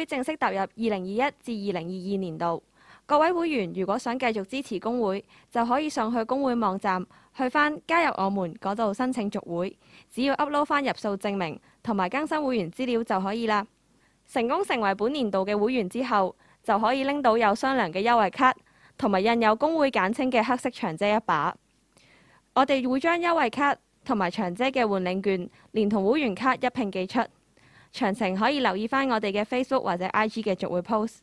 會正式踏入二零二一至二零二二年度，各位會員如果想繼續支持工會，就可以上去工會網站去返加入我們嗰度申請續會，只要 upload 翻入數證明同埋更新會員資料就可以啦。成功成為本年度嘅會員之後，就可以拎到有商量嘅優惠卡，同埋印有工會簡稱嘅黑色長遮一把。我哋會將優惠卡同埋長遮嘅換領券，連同會員卡一並寄出。詳情可以留意翻我哋嘅 Facebook 或者 IG，繼續會 post。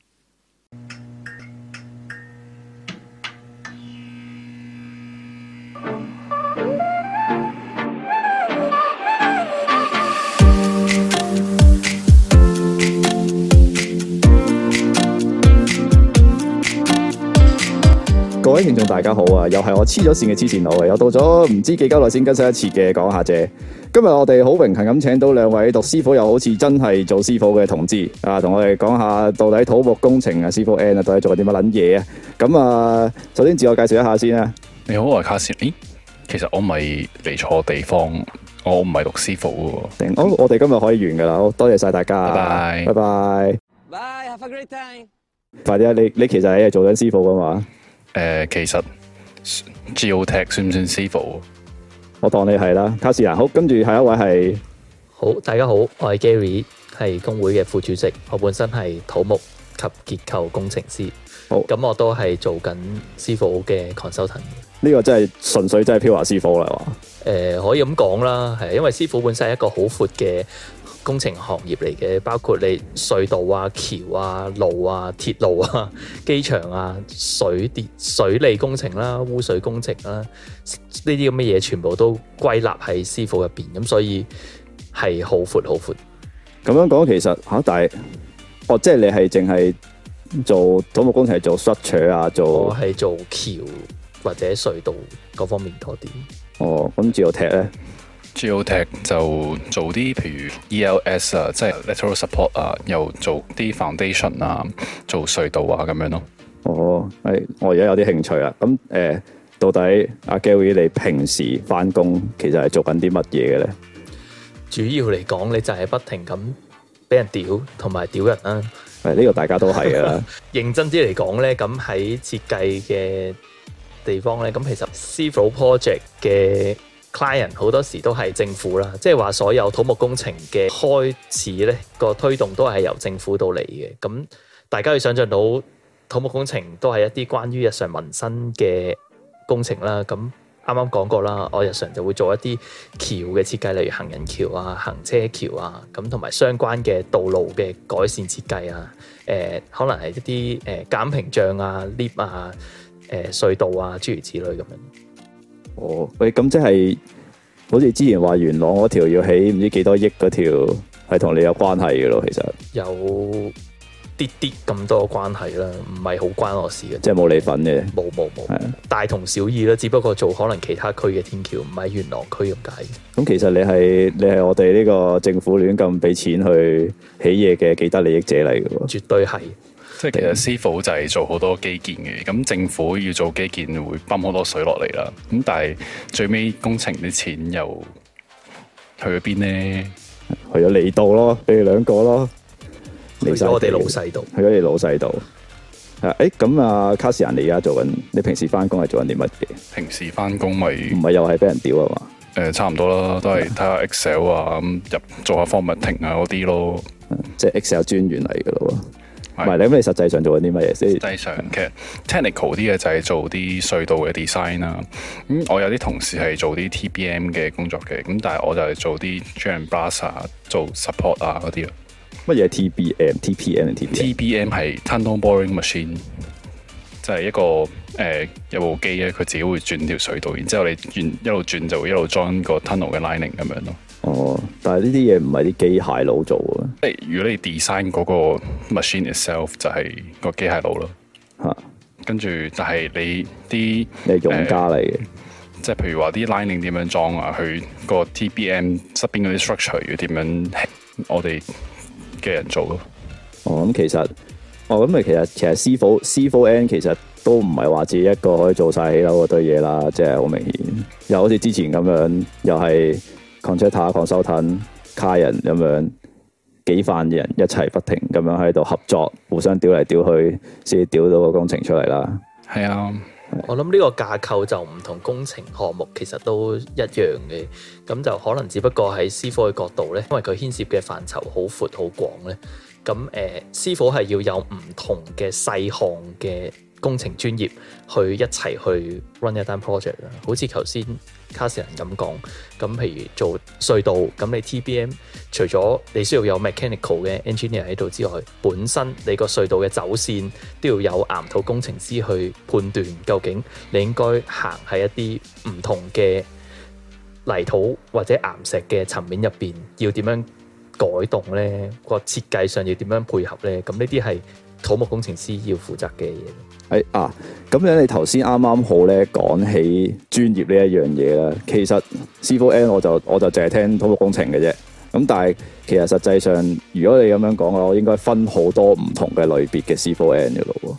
各位聽眾大家好啊，又係我黐咗綫嘅黐綫佬啊，又到咗唔知幾久內先更新一次嘅，講下啫。今日我哋好榮幸咁請到兩位讀師傅，又好似真係做師傅嘅同志啊，同我哋講下到底土木工程啊，師傅 N 啊，到底做緊啲乜捻嘢啊？咁啊，首先自我介紹一下先啊。你好，我係卡士。咦，其實我唔係嚟錯地方，我唔係讀師傅噶。我哋今日可以完噶啦，好多謝晒大家。拜拜，拜拜。Bye, have a great time。快啲啊，你你其實喺度做緊師傅噶嘛？誒、呃，其實 Geotech 算唔算 civil？我當你係啦，卡士蘭。好，跟住下一位係，好，大家好，我係 Gary，係工會嘅副主席，我本身係土木及結構工程師。好，咁我都係做緊 civil 嘅 consultant 的。呢、這個真係純粹真係 purecivil 啦，係嘛？誒、呃，可以咁講啦，係因為 civil 本身係一個好闊嘅。工程行業嚟嘅，包括你隧道啊、橋啊、路啊、鐵路啊、機場啊、水電、水利工程啦、啊、污水工程啦、啊，呢啲咁嘅嘢，全部都歸納喺師傅入邊，咁所以係好闊，好闊。咁樣講，其實吓、啊，但係，哦，即係你係淨係做土木工程，係做 structure 啊，做我係做橋或者隧道嗰方面多啲。哦，咁主要踢咧。GeoTech 就做啲譬如 ELS 啊，即、就、係、是、Lateral Support 啊，又做啲 Foundation 啊，做隧道啊咁樣咯、哦。哦，係、哎、我而家有啲興趣啦。咁誒、呃，到底阿 Gary 你平時返工其實係做緊啲乜嘢嘅咧？主要嚟講，你就係不停咁俾人屌同埋屌人啊。誒，呢個大家都係啊，認真啲嚟講咧，咁喺設計嘅地方咧，咁其實 Civil Project 嘅。client 好多時都係政府啦，即係話所有土木工程嘅開始咧個推動都係由政府到嚟嘅。咁大家要想像到土木工程都係一啲關於日常民生嘅工程啦。咁啱啱講過啦，我日常就會做一啲橋嘅設計，例如行人橋啊、行車橋啊，咁同埋相關嘅道路嘅改善設計啊。誒、呃，可能係一啲誒減屏障啊、lift 啊、誒、呃、隧道啊，諸如此類咁樣。哦，喂，咁即係好似之前話元朗嗰條要起唔知幾多億嗰條，係同你有關係嘅咯？其實有啲啲咁多的關係啦，唔係好關我事嘅，即係冇你份嘅，冇冇冇，大同小異啦，只不過做可能其他區嘅天橋，唔係元朗區咁解。咁其實你係你係我哋呢個政府亂咁俾錢去起嘢嘅既得利益者嚟嘅，絕對係。即係其實師傅就係做好多基建嘅，咁政府要做基建會泵好多水落嚟啦。咁但係最尾工程啲錢又去咗邊咧？去咗你度咯，你哋兩個咯，去咗我哋老細度，去咗你老細度。誒，咁啊，卡士蘭，你而家做緊？你平時翻工係做緊啲乜嘢？平時翻工咪唔係又係俾人屌啊嘛？誒、呃，差唔多啦，都係睇 下 Excel 啊，咁入做下 formatting 啊嗰啲咯。即係 Excel 專員嚟嘅咯。唔係，你咁你實際上做緊啲乜嘢先？實際上，其實 technical 啲嘅就係做啲隧道嘅 design 啦、嗯。咁我有啲同事係做啲 TBM 嘅工作嘅，咁但係我就係做啲 drill and blast、啊、做 support 啊嗰啲咯。乜嘢係 TBM TBM？TBM 係 tunnel boring machine，即係一個誒、呃、有部機咧，佢自己會轉條隧道，然之後你轉一路轉就會一路裝個 tunnel 嘅 lining 咁樣咯。哦，但係呢啲嘢唔係啲機械佬做？如果你 design 嗰個 machine itself 就係個機械佬咯，吓，跟住就係你啲你用家，嚟嘅，即、呃、係、就是、譬如話啲 lining 點樣裝啊，去個 TBM 側邊嗰啲 structure 要點樣，我哋嘅人做咯。哦、嗯，咁其實，哦咁啊，其實其實 c C4, 傅師傅 N 其實都唔係話自己一個可以做晒起樓嗰堆嘢啦，即係好明顯，又好似之前咁樣，又係 contractor、consultant、car 人咁樣。幾萬嘅人一齊不停咁樣喺度合作，互相屌嚟屌去，先屌到個工程出嚟啦。係啊，是我諗呢個架構就唔同工程項目，其實都一樣嘅。咁就可能只不過喺師傅嘅角度呢，因為佢牽涉嘅範疇好闊好廣呢。咁誒、呃，師傅係要有唔同嘅細項嘅工程專業去一齊去 run 一單 project 啦。好似頭先。卡士蘭咁講，咁譬如做隧道，咁你 TBM 除咗你需要有 mechanical 嘅 engineer 喺度之外，本身你個隧道嘅走線都要有岩土工程師去判斷，究竟你應該行喺一啲唔同嘅泥土或者岩石嘅層面入面，要點樣改動呢？個設計上要點樣配合呢？咁呢啲係土木工程師要負責嘅嘢。誒、哎、啊，咁樣你頭先啱啱好咧，講起專業呢一樣嘢啦，其實 Civil Engineering 我就我就淨係聽土木工程嘅啫，咁但係其實實際上如果你咁樣講嘅話，我應該分好多唔同嘅類別嘅 Civil Engineering 嘅咯。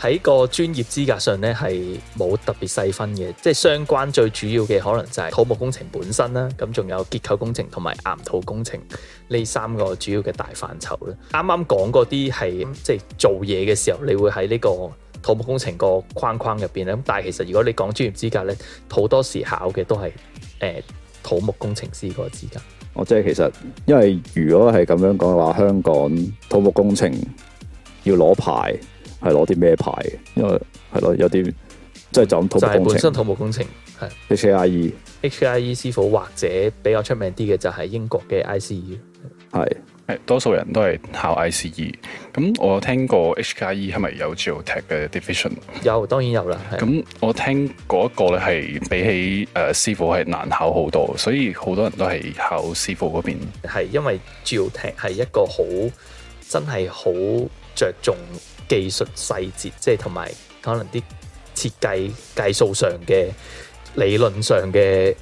喺個專業資格上咧，係冇特別細分嘅，即係相關最主要嘅可能就係土木工程本身啦，咁仲有結構工程同埋岩土工程呢三個主要嘅大範疇啦。啱啱講嗰啲係即係做嘢嘅時候，你會喺呢、呢個。土木工程個框框入邊咧，咁但係其實如果你講專業資格咧，好多時候考嘅都係誒、欸、土木工程師個資格。我即係其實，因為如果係咁樣講嘅話，香港土木工程要攞牌係攞啲咩牌、嗯？因為係咯，有啲即係就咁、是、土木工程。係、就是、本身土木工程係 HKIE、HKIE 師傅或者比較出名啲嘅就係英國嘅 ICE 係。多數人都係考 ICE 咁，我聽過 HKE 係咪有 geotech 嘅 division？有，當然有啦。咁我聽嗰個咧係比起誒、呃、師傅係難考好多，所以好多人都係考師傅嗰邊。係因為 geotech 係一個好真係好着重技術細節，即係同埋可能啲設計計數上嘅理論上嘅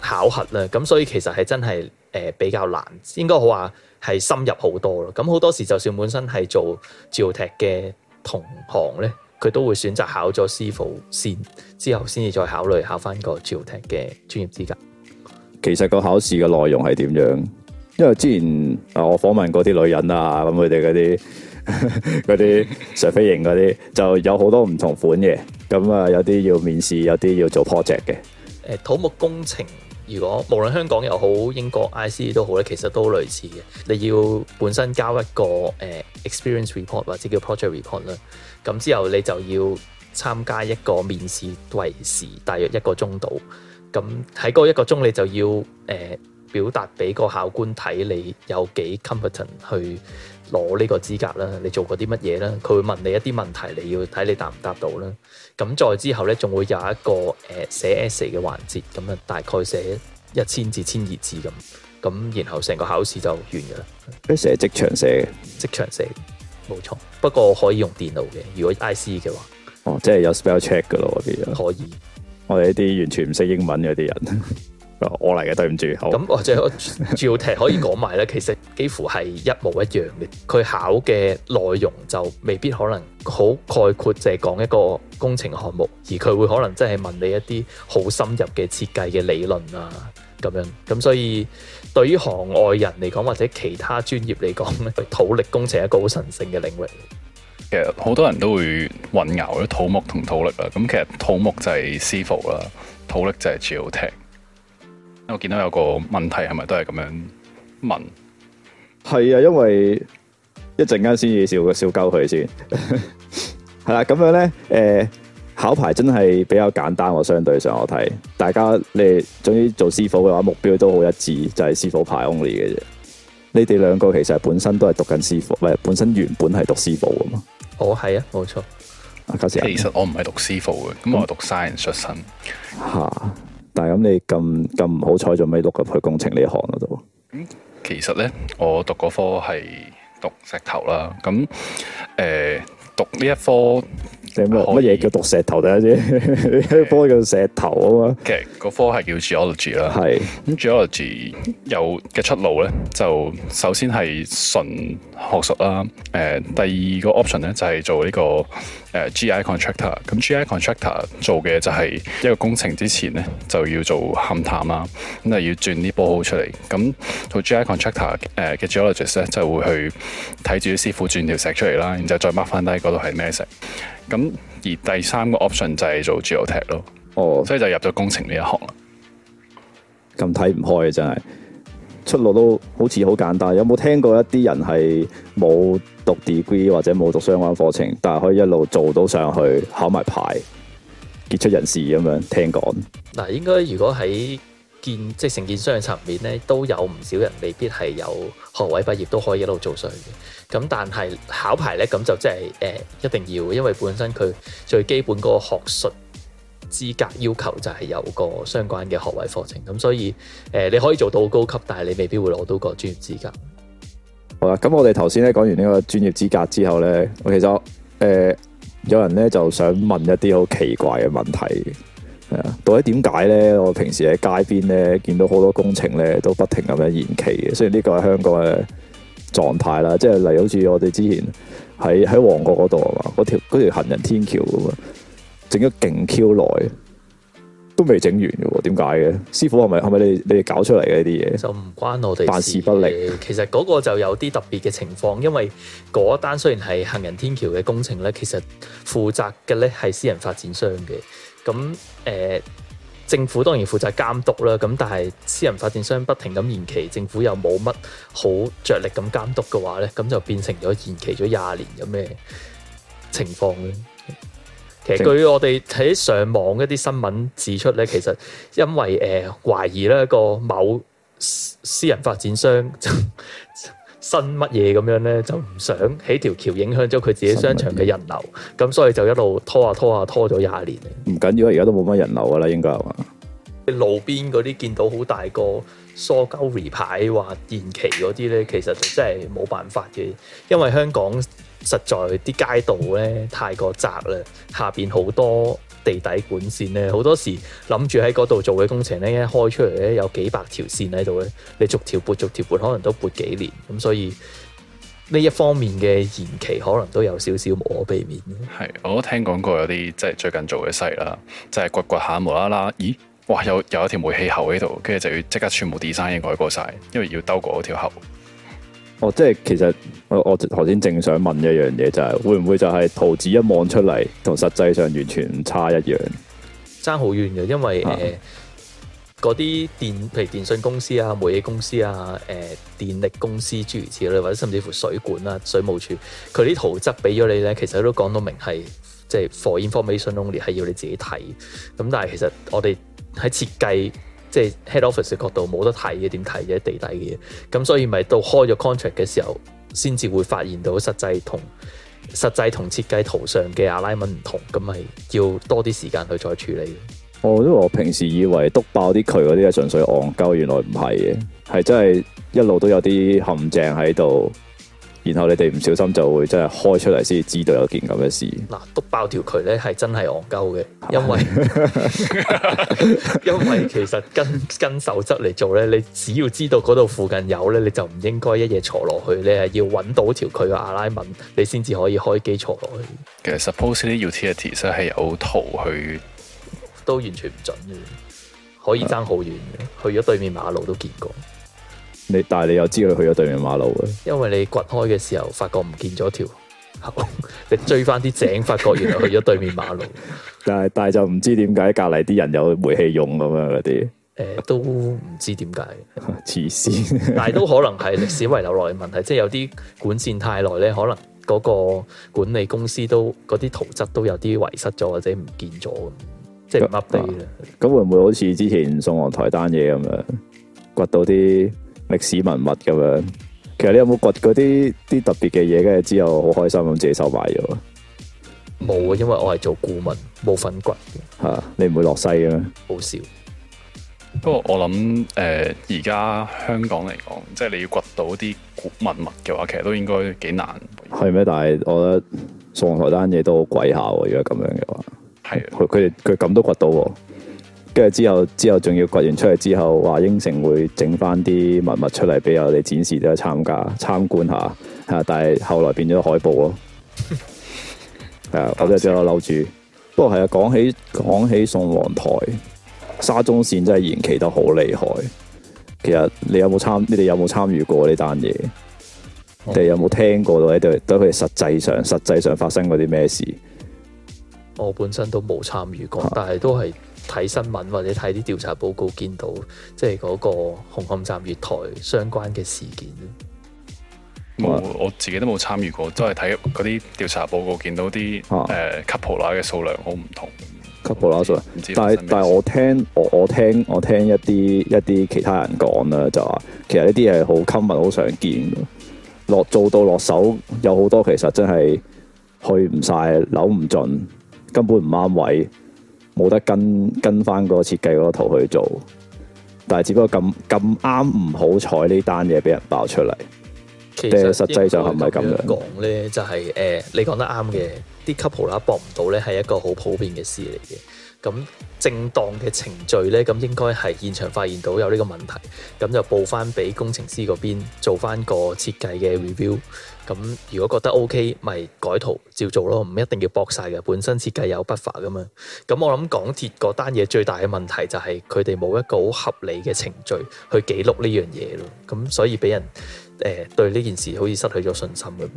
考核啦。咁所以其實係真係誒、呃、比較難，應該好話。係深入好多咯，咁好多時候就算本身係做 Geotech 嘅同行咧，佢都會選擇考咗師傅先，之後先至再考慮考翻個 Geotech 嘅專業資格。其實個考試嘅內容係點樣？因為之前啊，我訪問嗰啲女人啊，咁佢哋嗰啲嗰啲上飛型嗰啲，就有好多唔同款嘅，咁啊有啲要面試，有啲要做 project 嘅，誒土木工程。如果無論香港又好，英國 ICE 都好咧，其實都類似嘅。你要本身交一個、呃、experience report 或者叫 project report 啦，咁之後你就要參加一個面試維時，大約一個鐘度。咁喺嗰一個鐘你就要、呃、表達俾個考官睇你有幾 competent 去攞呢個資格啦，你做過啲乜嘢啦？佢會問你一啲問題，你要睇你答唔答到啦。咁再之後咧，仲會有一個誒寫 essay 嘅環節，咁、呃、啊大概寫一千字、千二字咁。咁然後成個考試就完噶啦。佢寫即場寫即場寫，冇錯。不過可以用電腦嘅，如果 IC 嘅話，哦，即係有 spell check 嘅咯，啲可以。我哋呢啲完全唔識英文嗰啲人。 我嚟嘅，對唔住。好。咁或者 Geotech 可以講埋咧， 其實幾乎係一模一樣嘅。佢考嘅內容就未必可能好概括，就係、是、講一個工程項目，而佢會可能真係問你一啲好深入嘅設計嘅理論啊，咁樣。咁所以對於行外人嚟講，或者其他專業嚟講咧，佢土力工程係一個好神聖嘅領域。其實好多人都會混淆咗土木同土力啊。咁其實土木就係師傅啦，土力就係 Geotech 我見到有個問題係咪都係咁樣問？係啊，因為一陣間先要笑鳩佢先。係 啦，咁樣咧，誒、欸，考牌真係比較簡單喎。相對上我睇，大家你總之做師傅嘅話，目標都好一致，就係、是、師傅牌 only 嘅啫。你哋兩個其實本身都係讀緊師傅，唔係、本身原本係讀師傅啊嘛。哦，係啊，冇錯。其實我唔係讀師傅嘅，咁、嗯、我讀 science 出身。吓、啊。但係咁你咁咁唔好彩，就未讀入去工程呢一行度。咁其實咧，我讀嗰科係讀石頭啦。咁誒、呃，讀呢一科咩乜嘢叫讀石頭第一？科、呃、 叫石頭啊嘛。嘅，個科係叫 geology 啦。係。咁、嗯、geology 有嘅出路咧，就首先係純學術啦。誒、呃，第二個 option 咧就係做呢、這個。Uh, G.I.contractor，咁 G.I.contractor 做嘅就係一個工程之前咧就要做勘探啦，咁係要鑽啲 borehole 出嚟。咁做 G.I.contractor 誒嘅、uh, geologist 咧就會去睇住啲師傅鑽條石出嚟啦，然之後再 mark 翻低嗰度係咩石。咁而第三個 option 就係做 geotech 咯。哦、oh，所以就入咗工程呢一行啦。咁睇唔開啊，真係～出路都好似好簡單，有冇聽過一啲人係冇讀 degree 或者冇讀相關課程，但係可以一路做到上去考埋牌傑出人士咁樣？聽講嗱，應該如果喺建即係成建商嘅層面咧，都有唔少人未必係有學位畢業都可以一路做上去嘅。咁但係考牌咧，咁就即係誒、呃、一定要，因為本身佢最基本嗰個學術資格要求就係有個相關嘅學位課程，咁所以誒、呃、你可以做到好高級，但係你未必會攞到個專業資格。好啦，咁我哋頭先咧講完呢個專業資格之後咧，我其實誒、呃、有人咧就想問一啲好奇怪嘅問題，係啊，到底點解咧？我平時喺街邊咧見到好多工程咧都不停咁樣延期嘅，雖然呢個係香港嘅狀態啦，即、就、係、是、例如好似我哋之前喺喺旺角嗰度啊嘛，嗰條嗰條行人天橋咁啊。整咗勁 Q 耐，都未整完嘅喎？點解嘅？師傅係咪係咪你哋你哋搞出嚟嘅呢啲嘢？就唔關我哋，辦事不力。其實嗰個就有啲特別嘅情況，因為嗰單雖然係行人天橋嘅工程咧，其實負責嘅咧係私人發展商嘅。咁誒、呃，政府當然負責監督啦。咁但係私人發展商不停咁延期，政府又冇乜好着力咁監督嘅話咧，咁就變成咗延期咗廿年咁嘅情況咧。據我哋喺上網一啲新聞指出咧，其實因為誒懷、呃、疑咧個某私人發展商就新乜嘢咁樣咧，就唔想起條橋影響咗佢自己商場嘅人流，咁所以就一路拖下拖下拖咗廿年。唔緊要啊，而家都冇乜人流噶啦，應該係嘛？路邊嗰啲見到好大個塑膠牌話延期嗰啲咧，其實就真係冇辦法嘅，因為香港，實在啲街道咧太過窄啦，下邊好多地底管線咧，好多時諗住喺嗰度做嘅工程咧，一開出嚟咧有幾百條線喺度咧，你逐條撥，逐條撥，可能都撥幾年，咁所以呢一方面嘅延期可能都有少少無可避免。係，我都聽講過有啲即係最近做嘅事啦，就係掘掘下無啦啦，咦，哇，有有一條煤氣喉喺度，跟住就要即刻全部 design 改過晒，因為要兜過嗰條喉。哦、oh，即係其實我我頭先正想問一樣嘢就係，會唔會就係圖紙一望出嚟，同實際上完全唔差一樣，爭好遠嘅，因為誒嗰啲電，譬如電信公司啊、煤氣公司啊、誒、呃、電力公司諸如此類，或者甚至乎水管啊、水務處，佢啲圖則俾咗你咧，其實都講到明係即係 for information only，係要你自己睇。咁但係其實我哋喺設計。即係 head office 嘅角度冇得睇嘅，點睇嘅地底嘅，咁所以咪到開咗 contract 嘅時候，先至會發現到實際同實際同設計圖上嘅 alignment 唔同，咁咪要多啲時間去再處理。我都我平時以為篤爆啲渠嗰啲係純粹戇鳩，原來唔係嘅，係真係一路都有啲陷阱喺度。然後你哋唔小心就會真係開出嚟，先知道有件咁嘅事。啊。嗱，篤爆條渠咧係真係戇鳩嘅，因為 因為其實跟跟守則嚟做咧，你只要知道嗰度附近有咧，你就唔應該一嘢坐落去咧，要揾到條渠嘅阿拉文，你先至可以開機坐落去。其實 supposedly utilities 係有圖去，都完全唔準嘅，可以爭好遠嘅，啊，去咗對面馬路都見過。你但係你又知道去咗對面馬路嘅，因為你掘開嘅時候發覺唔見咗條， 你追翻啲井 發覺原來去咗對面馬路的 但，但係但係就唔知點解隔籬啲人有煤氣用咁樣嗰啲，誒、呃、都唔知點解，黐 線，但係都可能係歷史遺留落嘅問題， 即係有啲管線太耐咧，可能嗰個管理公司都嗰啲圖則都有啲遺失咗或者唔見咗，即係 update 咁會唔會好似之前宋皇臺單嘢咁樣掘到啲？歷史文物咁樣，其實你有冇掘嗰啲啲特別嘅嘢？跟住之後好開心咁自己收埋咗。冇啊，因為我係做顧問，冇分掘吓，你唔會落西嘅咩？好少。不過我諗，誒、呃，而家香港嚟講，即、就、係、是、你要掘到啲古文物嘅話，其實都應該幾難。係咩？但係我覺得上台單嘢都好貴下，如果咁樣嘅話，係佢佢哋佢咁都掘到。跟住之後，之後仲要掘完出嚟之後，話應承會整翻啲文物出嚟俾我哋展示，都去參加參觀下嚇。但係後來變咗海報咯。係 啊是的， 我都知啦，樓主。不過係啊，講起講起宋皇臺沙中線真係延期得好厲害。其實你有冇參？你哋有冇參與過呢單嘢？Oh. 你有冇聽過，或者對對佢實際上實際上發生過啲咩事？我本身都冇參與過， 但係都係。睇新聞或者睇啲調查報告，見到即係嗰個紅磡站月台相關嘅事件。我自己都冇參與過，都係睇嗰啲調查報告，見到啲誒 coupler 嘅數量好唔同。coupler 數量唔知，知，但係但係我聽我我聽我聽一啲一啲其他人講啦，就話其實呢啲係好 common，好常見。落做到落手有好多，其實，是的其實真係去唔晒，扭唔盡，根本唔啱位。冇得跟跟翻個設計嗰個圖去做，但係只不過咁咁啱，唔好彩呢單嘢俾人爆出嚟。其實實際上就係唔係咁樣。講咧就係、誒、你講得啱嘅，啲 couple 啦搏唔到咧，係一個好普遍嘅事嚟嘅。咁正當嘅程序呢，咁應該係現場發現到有呢個問題，咁就報翻俾工程師嗰邊做翻個設計嘅 review。咁如果覺得 OK，咪改圖照做咯，唔一定要搏晒嘅。本身設計有不法噶嘛。咁我諗港鐵嗰單嘢最大嘅問題就係佢哋冇一個好合理嘅程序去記錄呢樣嘢咯。咁所以俾人誒、呃、對呢件事好似失去咗信心咁。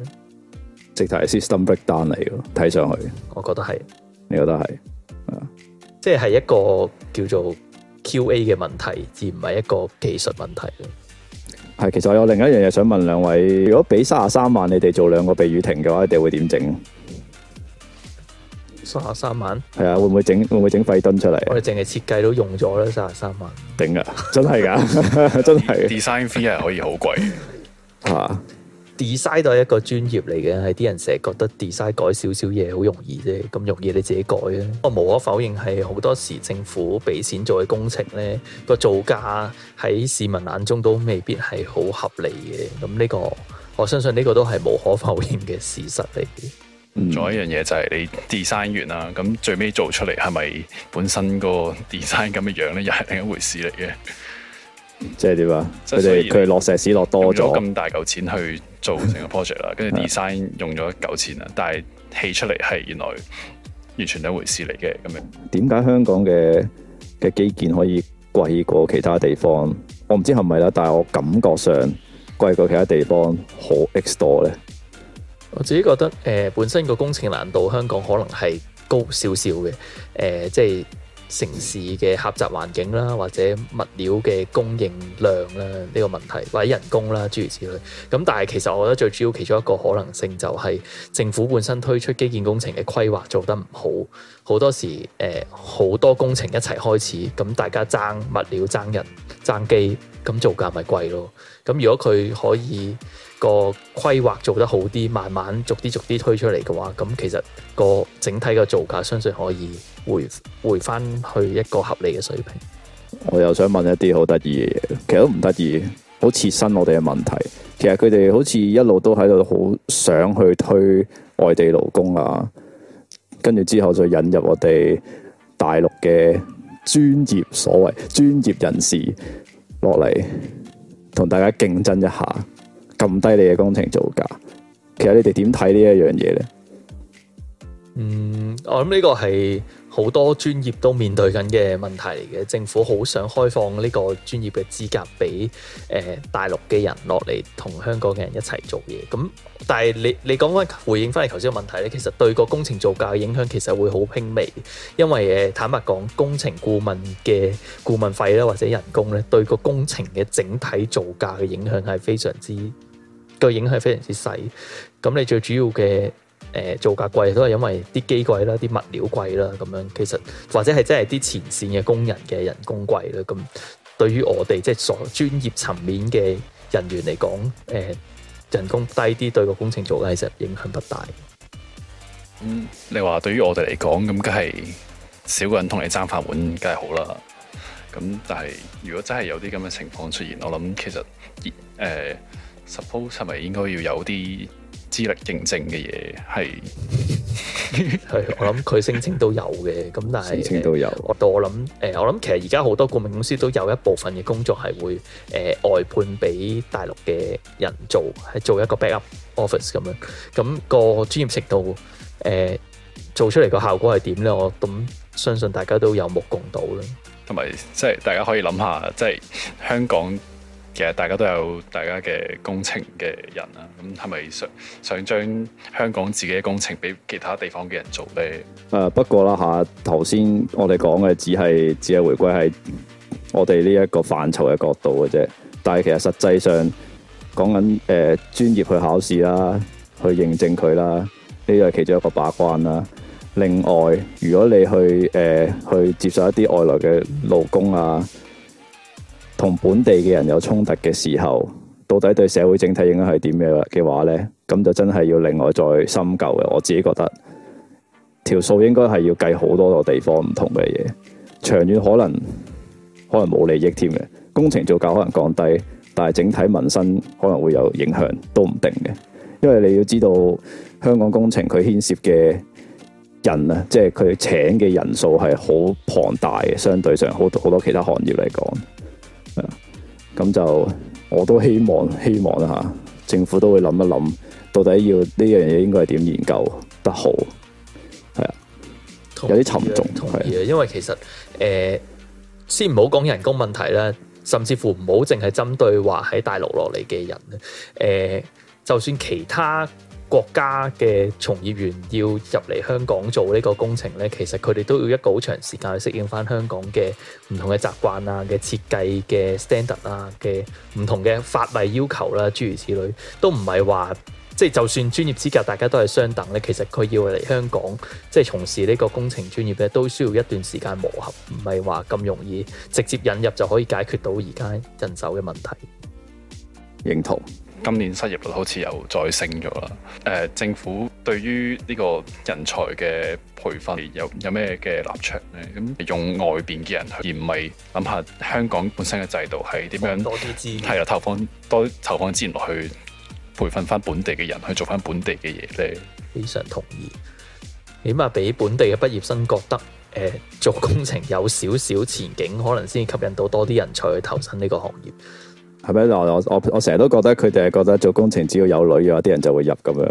直頭係 system break down 嚟嘅，睇上去我覺得係，你覺得係即係一個叫做 Q&A 嘅問題，而唔係一個技術問題。係，其實我有另一樣嘢想問兩位。如果俾卅啊三萬你哋做兩個避雨亭嘅話，你哋會點整？三十三萬？係啊，會唔會整？會唔會整廢墩出嚟？我哋淨係設計都用咗啦，卅啊三萬。頂啊！真係噶， 真係。Design fee 係可以好貴，吓。 design 都係一個專業嚟嘅。係啲人成日覺得 design 改少少嘢好容易啫，咁容易你自己改啊。不過無可否認，係好多時政府俾錢做嘅工程咧，個造價喺市民眼中都未必係好合理嘅。咁呢、呢個，我相信呢個都係無可否認嘅事實嚟嘅。仲、嗯、有一樣嘢就係你 design 完啦，咁最尾做出嚟係咪本身個 design 咁嘅樣咧，又係另一回事嚟嘅。即係點啊？即係佢哋落石屎落多咗咁大嚿錢去。做成個 project 啦，跟住 design 用咗一嚿錢啊，但係起出嚟係原來完全兩回事嚟嘅咁樣。點解香港嘅嘅基建可以貴過其他地方？我唔知係咪啦，但係我感覺上貴過其他地方好 X 多咧。我自己覺得，誒、呃、本身個工程難度香港可能係高少少嘅，誒、呃、即係，城市嘅狹窄環境啦，或者物料嘅供應量啦，呢個問題或者人工啦，諸如此類。咁但係其實我覺得最主要其中一個可能性就係政府本身推出基建工程嘅規劃做得唔好，好多時，誒，好多工程一齊開始，咁大家爭物料、爭人、爭機。咁造價咪貴咯？咁如果佢可以個規劃做得好啲，慢慢逐啲逐啲推出嚟嘅話，咁其實個整體嘅造價相信可以回回翻去一個合理嘅水平。我又想問一啲好得意嘅嘢，其實都唔得意，好切身我哋嘅問題。其實佢哋好似一路都喺度好想去推外地勞工啊，跟住之後再引入我哋大陸嘅專業所謂專業人士。落嚟同大家競爭一下，撳低你嘅工程造價。其實你哋點睇呢一樣嘢咧？嗯，我諗呢個係。好多專業都面對緊嘅問題嚟嘅，政府好想開放呢個專業嘅資格俾、呃、大陸嘅人落嚟同香港嘅人一齊做嘢。咁但係你你講翻回，回應翻嚟頭先嘅問題咧，其實對個工程造價嘅影響其實會好輕微，因為坦白講，工程顧問嘅顧問費咧或者人工咧，對個工程嘅整體造價嘅影響係非常之個影響係非常之細。咁你最主要嘅。誒造價貴都係因為啲機貴啦，啲物料貴啦咁樣，其實或者係真係啲前線嘅工人嘅人工貴啦。咁對於我哋即係所專業層面嘅人員嚟講，誒人工低啲對個工程造價其實影響不大。嗯，你話對於我哋嚟講，咁梗係少個人同你爭飯碗，梗係好啦。咁但係如果真係有啲咁嘅情況出現，我諗其實誒、呃、suppose 係咪應該要有啲資力認證嘅嘢係係，我諗佢聲稱都有嘅，咁但係聲稱都有。我多諗，誒，我諗其實而家好多顧問公司都有一部分嘅工作係會誒、呃、外判俾大陸嘅人做，係做一個 backup office 咁樣。咁個專業程度，誒、呃，做出嚟個效果係點呢？我咁相信大家都有目共睹啦。同埋，即係大家可以諗下，即係香港。其實大家都有大家嘅工程嘅人啊，咁係咪想想將香港自己嘅工程俾其他地方嘅人做咧？誒不過啦嚇，頭先我哋講嘅只係只係回歸喺我哋呢一個範疇嘅角度嘅啫。但係其實實際上講緊誒專業去考試啦，去認證佢啦，呢個係其中一個把關啦。另外，如果你去誒、呃、去接受一啲外來嘅勞工啊，同本地嘅人有衝突嘅時候，到底對社會整體影響係點樣嘅話咧？咁就真係要另外再深究嘅。我自己覺得條數應該係要計好多個地方唔同嘅嘢，長遠可能可能冇利益添嘅，工程造價可能降低，但係整體民生可能會有影響，都唔定嘅。因為你要知道香港工程佢牽涉嘅人啊，即係佢請嘅人數係好龐大嘅，相對上好好多其他行業嚟講。啊、嗯，咁就我都希望希望啦吓、啊，政府都會諗一諗，到底要呢樣嘢應該係點研究得好，係啊，啊，有啲沉重，同意啊，啊，因為其實誒、呃，先唔好講人工問題啦，甚至乎唔好淨係針對話喺大陸落嚟嘅人咧，誒、呃，就算其他。國家嘅從業員要入嚟香港做呢個工程呢，其實佢哋都要一個好長時間去適應翻香港嘅唔同嘅習慣啊、嘅設計嘅 standard 啊、嘅唔同嘅法例要求啦，諸如此類，都唔係話即係就算專業資格大家都係相等呢，其實佢要嚟香港即係、就是、從事呢個工程專業呢，都需要一段時間磨合，唔係話咁容易直接引入就可以解決到而家人手嘅問題。認同。今年失業率好似又再升咗啦。誒、呃，政府對於呢個人才嘅培訓有有咩嘅立場咧？咁用外邊嘅人，去，而唔係諗下香港本身嘅制度係點樣？多啲資，係啊，投放多投放資源落去培訓翻本地嘅人去做翻本地嘅嘢咧。非常同意，起碼俾本地嘅畢業生覺得誒、呃、做工程有少少前景，可能先吸引到多啲人才去投身呢個行業。係咪？我我我成日都覺得佢哋係覺得做工程只要有女嘅話，啲人就會入咁樣。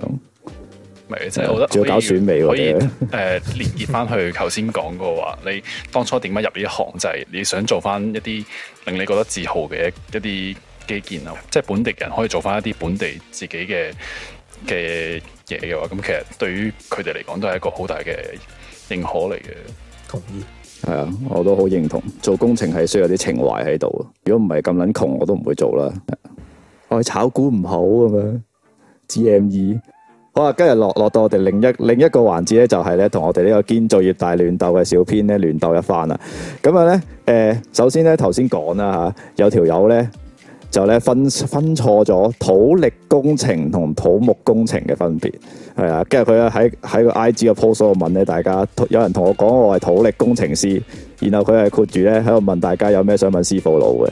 唔係，真係、就是、我覺得。要搞選美嗰啲。誒，可以 uh, 連結翻去頭先講過話，你當初點解入呢一行？就係、是、你想做翻一啲令你覺得自豪嘅一啲基建啊，即、就、係、是、本地人可以做翻一啲本地自己嘅嘅嘢嘅話，咁其實對於佢哋嚟講都係一個好大嘅認可嚟嘅，同意。係啊，我都好認同，做工程係需要啲情懷喺度。如果唔係咁捻窮，我都唔會做啦。我、啊、炒股唔好啊嘛。G M E，好啊，今日、啊、落落到我哋另一另一個環節咧，就係咧同我哋呢個建造孽大亂鬥嘅小編咧，亂鬥一番啦。咁啊咧，誒、呃，首先咧頭先講啦吓，有條友咧。就咧分分錯咗土力工程同土木工程嘅分別，係啊，跟住佢咧喺喺個 IG 嘅 post 度問咧，大家有人同我講我係土力工程師，然後佢係括住咧喺度問大家有咩想問師傅佬嘅，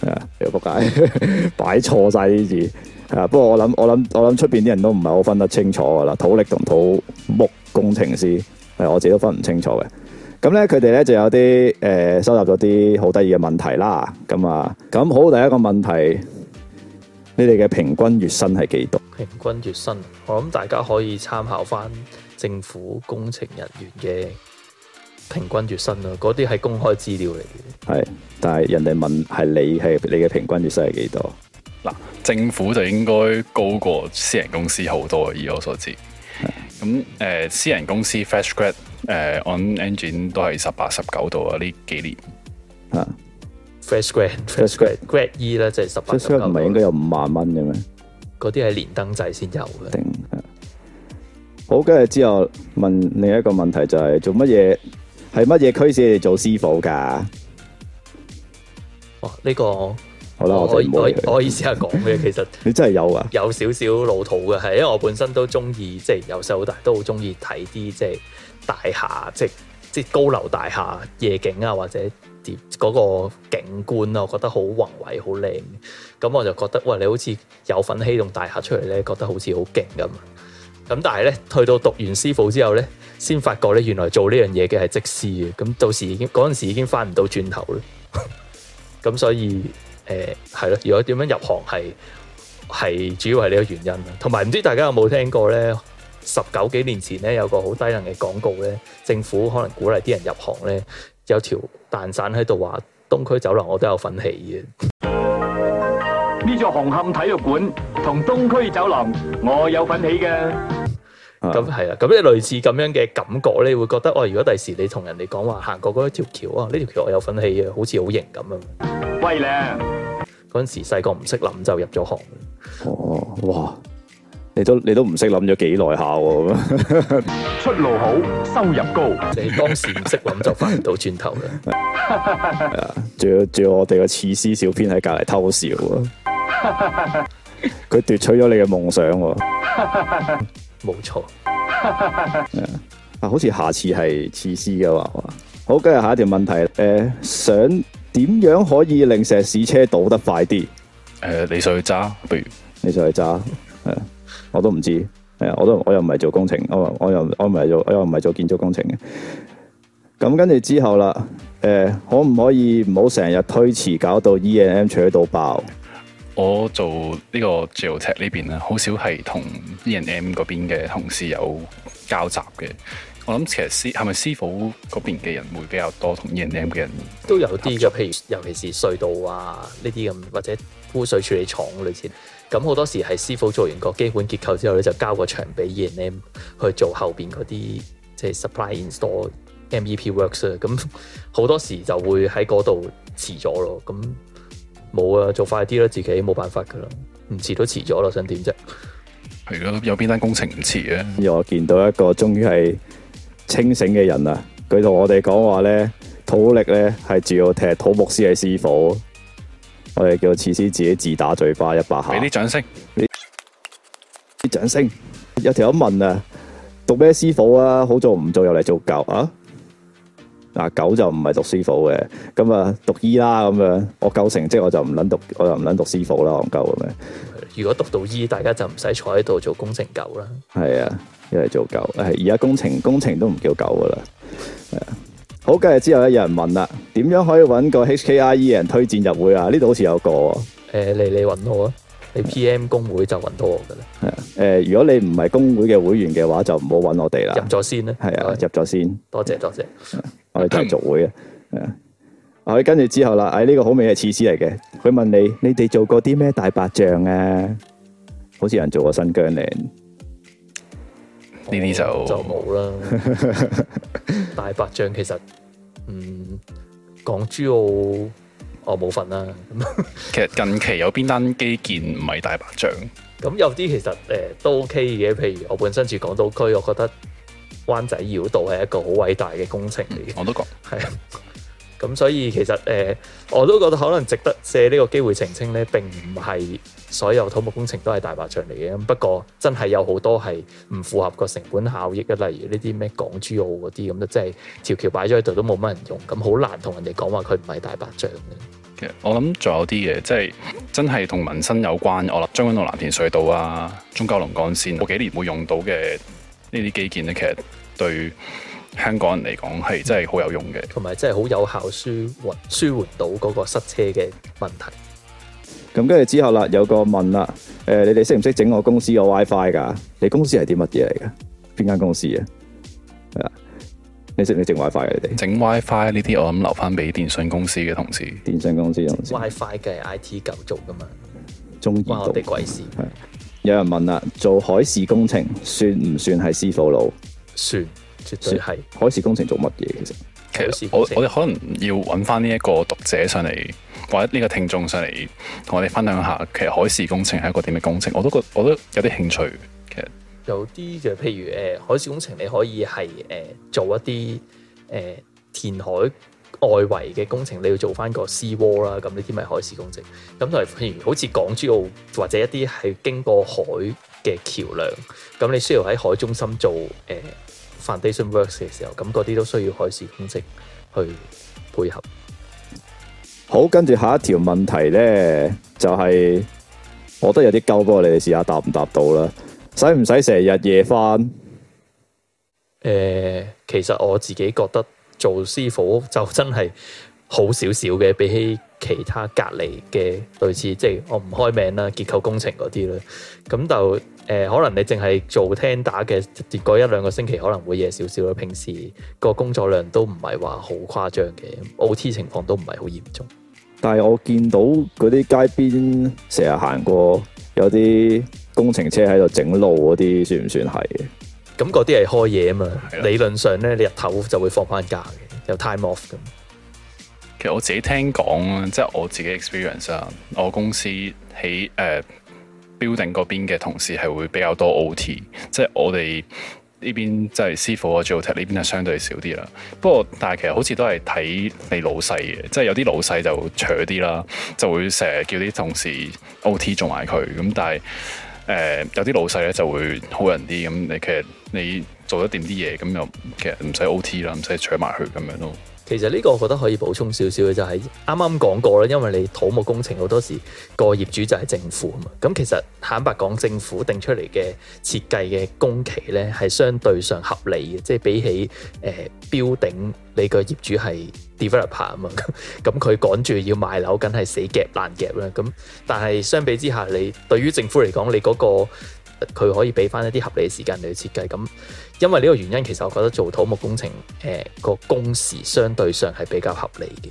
係啊，又仆街，擺錯晒啲字，係啊，不過我諗我諗我諗出面啲人都唔係好分得清楚㗎啦，土力同土木工程師係我自己都分唔清楚嘅。咁咧，佢哋咧就有啲，誒、呃，收集咗啲好得意嘅問題啦。咁啊，咁好，第一個問題，你哋嘅平均月薪係幾多？平均月薪，我諗大家可以參考翻政府工程人員嘅平均月薪啊。嗰啲係公開資料嚟嘅。係，但係人哋問係你係你嘅平均月薪係幾多？嗱，政府就應該高過私人公司好多，以我所知。咁，誒、呃，私人公司 fresh grad 誒、uh，on engine 都係十八、十九度啊！呢幾年吓，fresh grad，fresh grad，grad e e E 啦，即係十八、十九，唔係應該有五萬蚊嘅咩？嗰啲係連登製先有嘅。好，跟住之後問另一個問題就係、是、做乜嘢？係乜嘢驅使你做師傅噶？哦，呢、這個好啦，我我可以我意思下講嘅，其實 你真係有啊，有少少老土嘅，係因為我本身都中意，即係由細到大都好中意睇啲即係。就是大廈即即高樓大廈夜景啊，或者嗰個景觀啊，我覺得好宏偉、好靚。咁我就覺得，喂，你好似有份起棟大廈出嚟呢，覺得好似好勁咁。咁但係呢，去到讀完師傅之後呢，先發覺呢，原來做呢樣嘢嘅係則師嘅。咁到時已經嗰陣時已經返唔到轉頭啦。咁 所以誒係咯，如果點樣入行係係主要係呢個原因啦。同埋唔知大家有冇聽過呢？十九幾年前咧，有個好低能嘅廣告咧，政府可能鼓勵啲人入行咧，有條蛋散喺度話，東區走廊我都有份起嘅。呢座紅磡體育館同東區走廊，我有份起嘅。咁係啊，咁類似咁樣嘅感覺咧，你會覺得哦，如果第時你同人哋講話行過嗰一條橋啊，呢條橋我有份起嘅，好似好型咁啊。喂咧，嗰陣時細個唔識諗就入咗行。哦，哇！你都你都唔識諗咗幾耐下， 出路好收入高， 你當時唔識諗就返唔到轉頭啦。仲有仲有我哋個痴線小編喺隔籬偷笑啊！佢奪 取咗你嘅夢想，啊，冇 錯。啊，好似下次係痴線嘅話，好。跟住下一條問題，誒、呃，想點樣可以令石屎車倒得快啲？誒、呃，你想去揸，不如你想去揸，係、啊。我都唔知，誒，我都我又唔係做工程，我我又我唔係做，我又唔係做建築工程嘅。咁跟住之後啦，誒，欸，可唔可以唔好成日推遲，搞到 E&M 扯到爆？我做呢個 geotech 呢邊啊，好少係同 E&M 嗰邊嘅同事有交集嘅。我諗其實是不是師係咪師傅嗰邊嘅人會比較多，e，同 E&M 嘅人都有啲嘅，譬如尤其是隧道啊呢啲咁，或者污水處理廠類似。咁好多時係師傅做完個基本結構之後咧，就交個場俾 E&M 去做後邊嗰啲即係 supply install MEP worker 咁好多時就會喺嗰度遲咗咯。咁冇啊，做快啲啦，自己冇辦法噶啦，唔遲都遲咗啦，想點啫？係咯，有邊單工程唔遲呀？又話見到一個終於係清醒嘅人啊！佢同我哋講話咧，土力咧係主要踢土木是師係師傅。我哋叫痴線自己自打嘴巴一百下，俾啲掌聲，啲掌聲。有條友問啊，讀咩師傅啊？好做唔做又嚟做狗啊？嗱、啊，狗就唔係讀師傅嘅，咁啊讀醫啦咁樣。我夠成績我就唔捻讀，我就唔捻讀師傅啦，我夠咁樣。如果讀到醫，大家就唔使坐喺度做工程狗啦。係啊，又嚟做狗，誒，而家工程工程都唔叫狗噶啦。好，今日之後咧，有人問啦，點樣可以揾個 HKIE 人推薦入會啊？呢度好似有個、啊，誒、呃，你你揾我啊，你 PM 工會就揾到我噶啦。係啊，誒，如果你唔係工會嘅會員嘅話，就唔好揾我哋啦。入咗先啦，係啊，入咗先，多謝多謝，我哋繼續會啊。啊，跟 住之後啦，誒、哎，呢、這個好味嘅廁師嚟嘅，佢問你，你哋做過啲咩大白象啊？好似有人做過新疆嚟。呢啲就就冇啦，大白象其實，嗯，港珠澳我冇份啦。其實近期有邊單基建唔係大白象？咁 有啲其實誒、呃、都 OK 嘅，譬如我本身住港島區，我覺得灣仔繞道係一個好偉大嘅工程嚟、嗯。我都覺係啊。咁所以其實誒、呃，我都覺得可能值得借呢個機會澄清咧，並唔係所有土木工程都係大白象嚟嘅。不過真係有好多係唔符合個成本效益嘅，例如呢啲咩港珠澳嗰啲咁咧，即係條橋擺咗喺度都冇乜人用，咁好難同人哋講話佢唔係大白象嘅。其實我諗仲有啲嘢，即係真係同民生有關，我諗將軍澳到藍田隧道啊，中九龍幹線嗰幾年會用到嘅呢啲基建咧，其實對香港人嚟講係真係好有用嘅，同埋真係好有效舒緩舒緩到嗰個塞車嘅問題。咁跟住之後啦，有個問啦，誒、呃，你哋識唔識整我公司個 WiFi 噶？你公司係啲乜嘢嚟嘅？邊間公司啊？係啊，你識唔識整 WiFi 你哋整 WiFi 呢啲我諗留翻俾電信公司嘅同事。電信公司同事 WiFi 嘅 IT 夠足噶嘛？中意我哋鬼事。有人問啦，做海事工程算唔算係師傅佬？算。絕對係，海事工程做乜嘢？其實其實我我哋可能要揾翻呢一個讀者上嚟，或者呢個聽眾上嚟，同我哋分享下，其實海事工程係一個點嘅工程？我都覺，我都有啲興趣。其實有啲嘅，譬如，誒、呃，海事工程你可以係誒、呃、做一啲誒、呃、填海外圍嘅工程，你要做翻個 C 窩啦，咁呢啲咪海事工程？咁同譬如好似港珠澳或者一啲係經過海嘅橋梁，咁你需要喺海中心做誒。呃 Foundation works 嘅時候，咁嗰啲都需要海事工程去配合。好，跟住下一條問題呢，就係、是、我覺得有啲鳩噃，你哋試下答唔答到啦？使唔使成日夜返？誒、呃，其實我自己覺得做師傅就真係。好少少嘅，比起其他隔離嘅類似，即係我唔開名啦，結構工程嗰啲咧，咁就誒、呃、可能你淨係做聽打嘅，跌過一兩個星期可能會夜少少咯。平時個工作量都唔係話好誇張嘅 ，OT 情況都唔係好嚴重。但係我見到嗰啲街邊成日行過有啲工程車喺度整路嗰啲，那些算唔算係？咁嗰啲係開夜啊嘛的。理論上咧，你日頭就會放翻假嘅，有 time off 咁。其實我自己聽講，即係我自己 experience 啊，我公司喺誒、uh, building 嗰邊嘅同事係會比較多 OT，即係我哋呢邊即係師傅啊做嘅呢邊係相對少啲啦。不過但係其實好似都係睇你老細嘅，即係有啲老細就扯啲啦，就會成日叫啲同事 OT 做埋佢。咁但係誒、uh, 有啲老細咧就會好人啲，咁你其實你做得掂啲嘢，咁又其實唔使 OT 啦，唔使扯埋佢咁樣咯。其實呢個我覺得可以補充少少嘅，就係啱啱講過啦，因為你土木工程好多時個業主就係政府啊嘛。咁其實坦白講，政府定出嚟嘅設計嘅工期呢係相對上合理嘅，即係比起誒、呃、標頂你個業主係 developer 啊嘛。咁佢趕住要賣樓，梗係死夾爛夾啦。咁但係相比之下，你對於政府嚟講，你嗰個佢可以俾翻一啲合理嘅時間你去設計咁。因為呢個原因，其實我覺得做土木工程誒個、呃、工時相對上係比較合理嘅。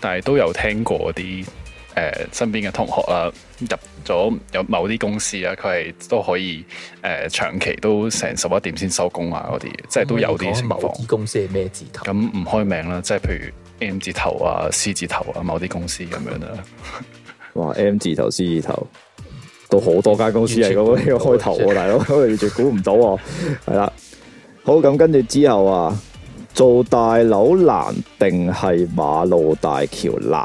但係都有聽過啲誒、呃、身邊嘅同學啊，入咗有某啲公司啊，佢係都可以誒、呃、長期都成十一點先收工啊，嗰啲、嗯、即係都有啲情況。某啲公司係咩字頭？咁唔開名啦，即係譬如 M 字頭啊、C 字頭啊，某啲公司咁樣啦。 哇！M 字頭、C 字頭。到好多間公司係咁呢個開頭啊大佬，完全估唔到，到，係 啦。 好，咁跟住之後啊，做大樓難定係馬路大橋難？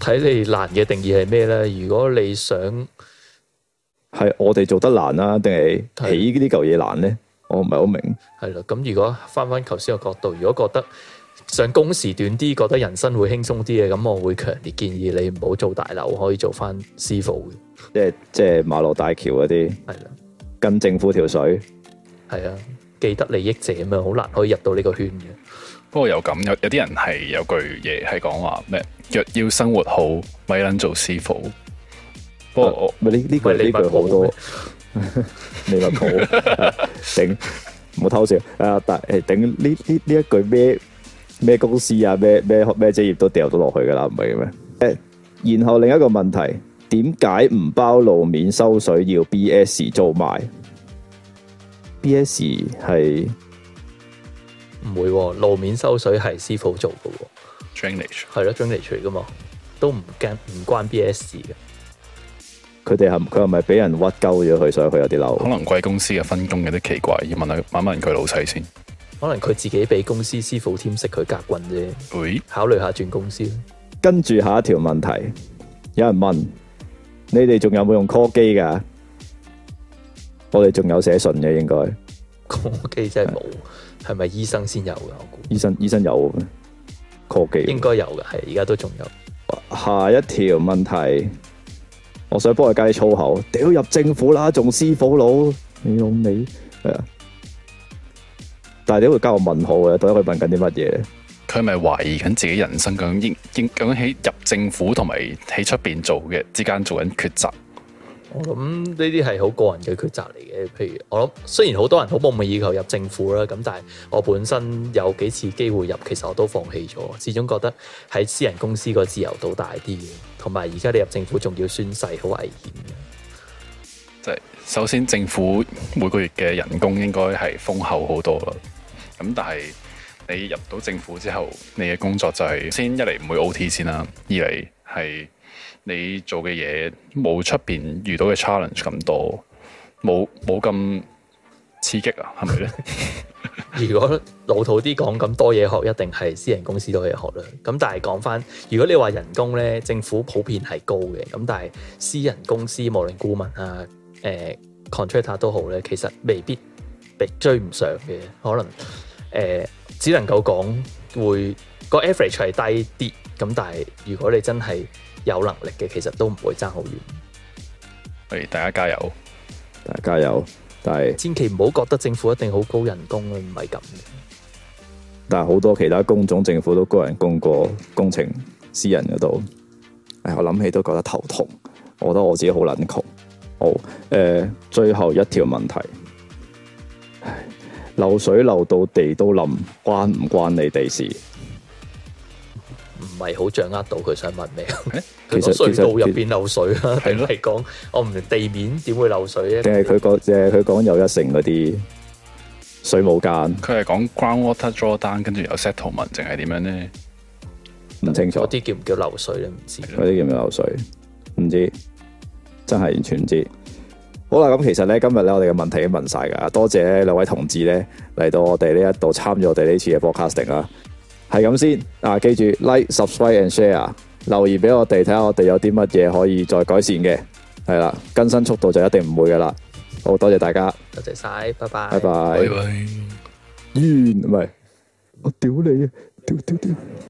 睇你難嘅定義係咩咧？如果你想係我哋做得難啊，定係起呢啲舊嘢難咧？我唔係好明。係啦，咁如果翻翻頭先個角度，如果覺得。想工時短啲，覺得人生會輕鬆啲嘅，咁我會強烈建議你唔好做大樓，可以做翻師傅嘅，即係即係馬路大橋嗰啲，係啦，跟政府條水，係啊，既得利益者咁樣，好難可以入到呢個圈嘅。不過有咁有有啲人係有句嘢係講話咩？若要生活好，咪撚做師傅。不過我呢呢、啊、句呢句，句好多，呢句好頂，唔好 偷不怕笑啊！但係頂呢呢呢一句咩？咩公司啊？咩咩咩職業都掉到落去噶啦，唔係嘅咩？誒、欸，然後另一個問題，點解唔包路面收水要 BS 租賣？要 B S 做埋？B S 係唔會路、啊、面收水係師傅做噶、啊？係咯、啊，Drainage 噶嘛？都唔驚唔關 B S 嘅。佢哋係佢係咪俾人屈鳩咗佢？所以佢有啲嬲。可能貴公司嘅分工有啲奇怪，要問下問問佢老細先。可能佢自己俾公司師傅添食佢夾棍啫，考慮下轉公司，跟住下一條問題，有人問你哋仲有冇用 call 機噶？我哋仲有寫信嘅應該 call 機真係冇，係咪醫生先有噶？我估醫生醫生有 call 機，應該有嘅，係而家都仲有。下一條問題，我想幫佢加啲粗口，屌入政府啦，仲師傅佬，你老味，係啊！但係你都會加我問號嘅，到底佢問緊啲乜嘢？佢咪懷疑緊自己人生，咁應應咁喺入政府同埋喺出邊做嘅之間做緊抉擇。我諗呢啲係好個人嘅抉擇嚟嘅。譬如我諗，雖然好多人好夢寐以求入政府啦，咁但係我本身有幾次機會入，其實我都放棄咗，始終覺得喺私人公司個自由度大啲嘅。同埋而家你入政府仲要宣誓，好危險。即係首先政府每個月嘅人工應該係豐厚好多啦。咁但係你入到政府之後，你嘅工作就係先一嚟唔會 OT 先啦，二嚟係你做嘅嘢冇出面遇到嘅 challenge 咁多，冇冇咁刺激啊？係咪咧？ 如果老土啲講，咁多嘢學一定係私人公司都可以學啦。咁但係講翻，如果你話人工咧，政府普遍係高嘅，咁但係私人公司無論顧問啊、呃、contractor 都好咧，其實未必被追唔上嘅，可能。誒、呃，只能夠講會，會個 average 係低啲，咁但係如果你真係有能力嘅，其實都唔會爭好遠。誒，大家加油，大家加油，但係千祈唔好覺得政府一定好高人工啊，唔係咁。但係好多其他工種，政府都高人工過工程、私人嗰度。誒，我諗起都覺得頭痛，我覺得我自己好撚窮。好、哦，誒、呃，最後一條問題。唉漏水漏到地都冧，關唔關你哋事？唔係好掌握到佢想問咩？其實 隧道入邊漏水啦，係咯？我唔明地面點會漏水咧？定係佢講？定係佢講有一成嗰啲水冇間？佢係講 groundwater drawdown 跟住有 settlement，定係點樣咧？唔清楚。嗰啲叫唔叫漏水咧？唔知。嗰啲叫唔叫漏水？唔知，真係完全唔知。好啦，咁其實咧今日咧我哋嘅問題已經問晒噶，多謝兩位同志咧嚟到我哋呢一度參與我哋呢次嘅 f o r e c a s t i n g 啦，係咁先。啊，記住 like、subscribe and share，留言俾我哋睇下我哋有啲乜嘢可以再改善嘅，係啦，更新速度就一定唔會噶啦。好多謝大家，多謝晒，拜拜，拜拜，咦，唔係，我屌你，屌屌屌。